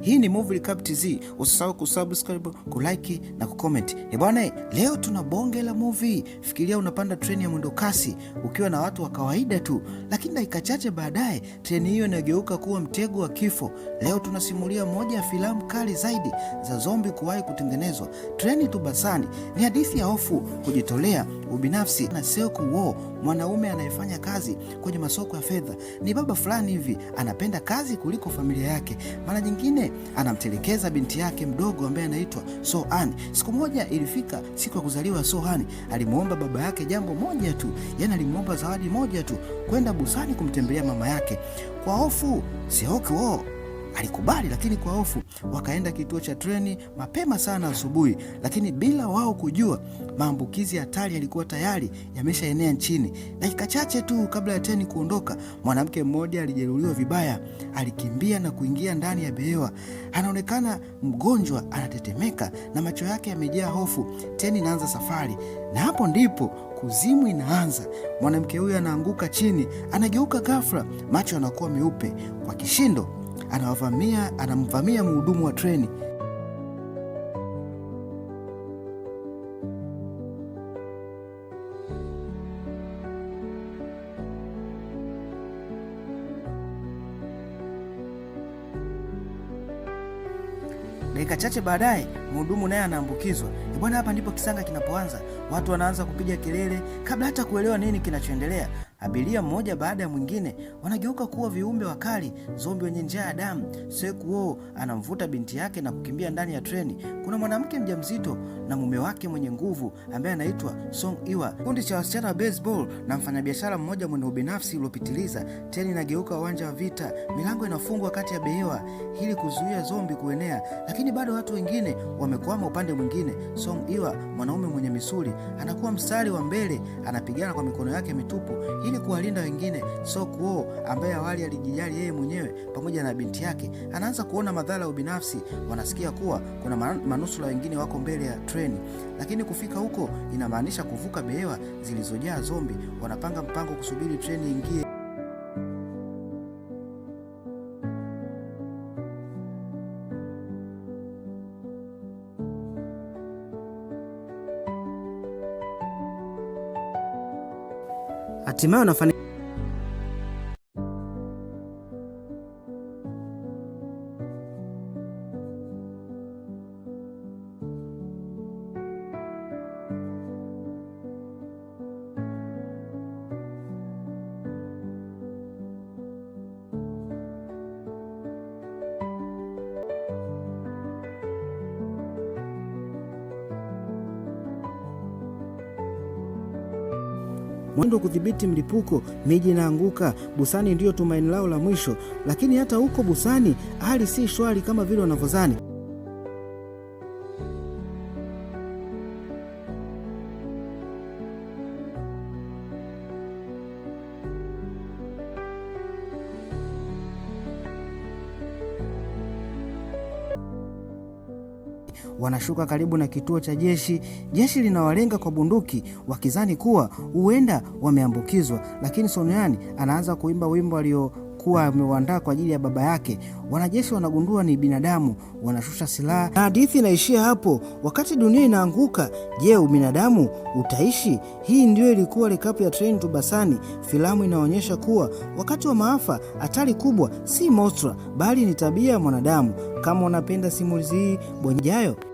Hii ni Movie Recap TZ. Usisahau kusubscribe, kulike na kucomment. Eh bwana, leo tuna bonge la movie. Fikiria unapanda treni ya mwendo kasi ukiwa na watu wa kawaida tu, lakini dakika chache baadaye treni hiyo inageuka kuwa mtego wa kifo. Leo tunasimulia moja ya filamu kali zaidi za zombi kuwahi kutengenezwa, Treni tubasani Ni hadithi ya hofu, kujitolea, ubinafsi na seku wo mwanaume anayefanya kazi kwenye masoko ya fedha. Ni baba fulani hivi anapenda kazi kuliko familia yake. Mara nyingine anamtelekeza binti yake mdogo ambaye anaitwa Sohani. Siku moja ilifika siku ya kuzaliwa Sohani, alimwomba baba yake jambo moja tu, yani alimwomba zawadi moja tu, kwenda busani kumtembelea mama yake. Kwa hofu Seokwo Alikubali lakini kwa hofu. Wakaenda kituo cha treni mapema sana asubuhi, lakini bila wao kujua, maambukizi hatari yalikuwa tayari yameshaenea nchini. Dakika chache tu kabla ya treni kuondoka, mwanamke mmoja alijeruliwa vibaya, alikimbia na kuingia ndani ya behewa. Anaonekana mgonjwa, anatetemeka na macho yake yamejaa hofu. Treni inaanza safari, na hapo ndipo kuzimu inaanza. Mwanamke huyo anaanguka chini, anageuka ghafla, macho anakuwa meupe kwa kishindo anawavamia, anamvamia mhudumu wa treni Dakika chache baadaye mhudumu naye anaambukizwa. E bwana, hapa ndipo kisanga kinapoanza. Watu wanaanza kupiga kelele kabla hata kuelewa nini kinachoendelea. Abiria mmoja baada ya mwingine wanageuka kuwa viumbe wakali, zombi wenye njaa ya damu. Sekuo anamvuta binti yake na kukimbia ndani ya treni. Kuna mwanamke mjamzito na mume wake mwenye nguvu ambaye anaitwa Song Iwa, kundi cha wasichana wa baseball na mfanyabiashara mmoja mwenye ubinafsi uliopitiliza. Treni inageuka uwanja wa vita, milango inafungwa kati ya behewa ili kuzuia zombi kuenea, lakini bado watu wengine wamekwama upande mwingine. Song Iwa, mwanaume mwenye misuli, anakuwa mstari wa mbele, anapigana kwa mikono yake mitupu ili kuwalinda wengine. So kuo ambaye awali alijijali yeye mwenyewe pamoja na binti yake, anaanza kuona madhara ya ubinafsi. Wanasikia kuwa kuna manusula wengine wako mbele ya treni, lakini kufika huko inamaanisha kuvuka behewa zilizojaa zombi. Wanapanga mpango kusubiri treni ingie. hatimaye wanafanikiwa. mwendo wa kudhibiti mlipuko, miji inaanguka. Busani ndiyo tumaini lao la mwisho, lakini hata huko Busani hali si shwari kama vile wanavyozani. Wanashuka karibu na kituo cha jeshi. Jeshi linawalenga kwa bunduki, wakizani kuwa huenda wameambukizwa, lakini Sonyani anaanza kuimba wimbo alio kuwa ameuandaa kwa ajili ya baba yake. Wanajeshi wanagundua ni binadamu, wanashusha silaha na hadithi inaishia hapo. Wakati dunia inaanguka, je, ubinadamu utaishi? Hii ndio ilikuwa recap ya Train to Busan. Filamu inaonyesha kuwa wakati wa maafa, hatari kubwa si monstera, bali ni tabia ya mwanadamu. Kama unapenda simulizi hii, bonyeza